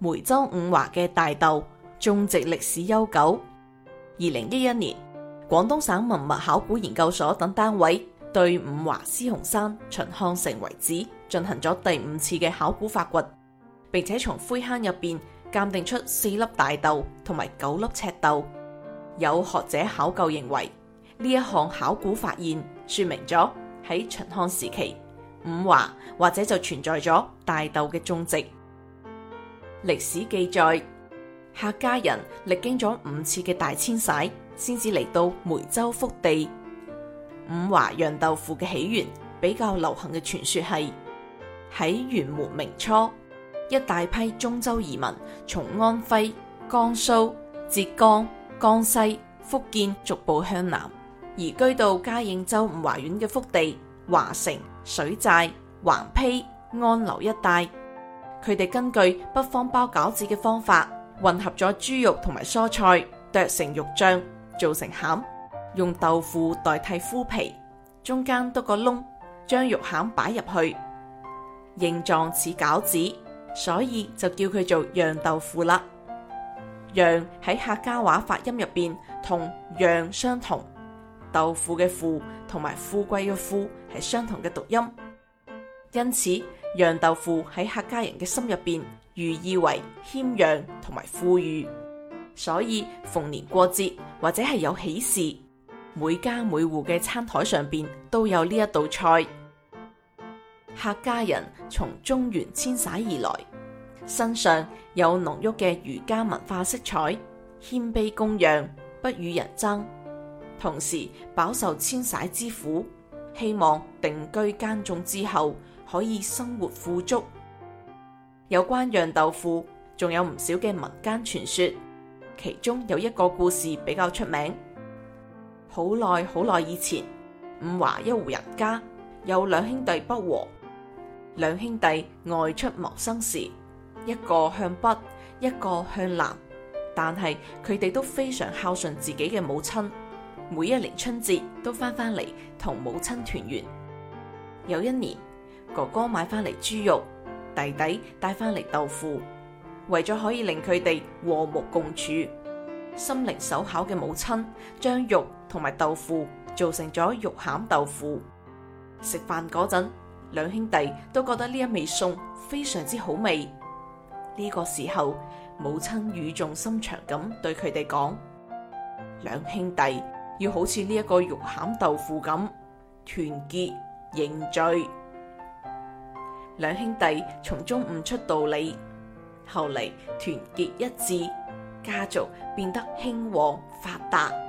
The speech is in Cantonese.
梅州五華嘅大豆種植歷史悠久。二零一一年，廣東省文物考古研究所等單位對五華獅雄山秦漢城遺址進行咗第五次嘅考古發掘，並且從灰坑入邊鑒定出四粒大豆同埋九粒赤豆。有學者考究認為，呢一項考古發現說明咗喺秦漢時期，五華或者就存在咗大豆嘅種植。歷史記載，客家人歷經咗五次嘅大遷徙，先至嚟到梅州腹地。五華釀豆腐嘅起源比較流行嘅傳說係喺元末明初，一大批中州移民從安徽、江蘇、浙江、江西、福建逐步向南，移居到嘉應州五華縣嘅腹地華城、水寨、橫陂、安流一帶。佢哋根據北方包餃子嘅方法，混合咗豬肉同埋蔬菜剁成肉醬，做成餡，用豆腐代替麩皮，中間篤個窿，將肉餡擺入去，形狀似餃子，所以就叫佢做釀豆腐啦。釀喺客家話發音入邊同讓相同，豆腐嘅腐同埋富貴嘅富係相同嘅讀音，因此，釀豆腐喺客家人嘅心入邊，寓意為謙讓同埋富裕，所以逢年過節或者係有喜事，每家每戶嘅餐台上邊都有呢一道菜。客家人從中原遷徙而來，身上有濃郁嘅儒家文化色彩，謙卑恭讓，不與人爭，同時飽受遷徙之苦，希望定居耕種之後。可以生活富足。有關釀豆腐，仲有唔少嘅民間傳說，其中有一個故事比較出名。好耐好耐以前，五華一戶人家有兩兄弟不和，兩兄弟外出謀生時，一個向北，一個向南，但係佢哋都非常孝順自己嘅母親，每一年春節都翻返嚟同母親團圓。有一年。哥哥買翻嚟豬肉，弟弟帶翻嚟豆腐，為咗可以令佢哋和睦共處，心靈手巧嘅母親將肉同埋豆腐做成咗肉餡豆腐。食飯嗰陣，兩兄弟都覺得呢一味餸非常之好味。呢個時候，母親語重心長咁對佢哋講：兩兄弟要好似呢一個肉餡豆腐咁團結凝聚。兩兄弟從中悟出道理，後嚟團結一致，家族變得興旺發達。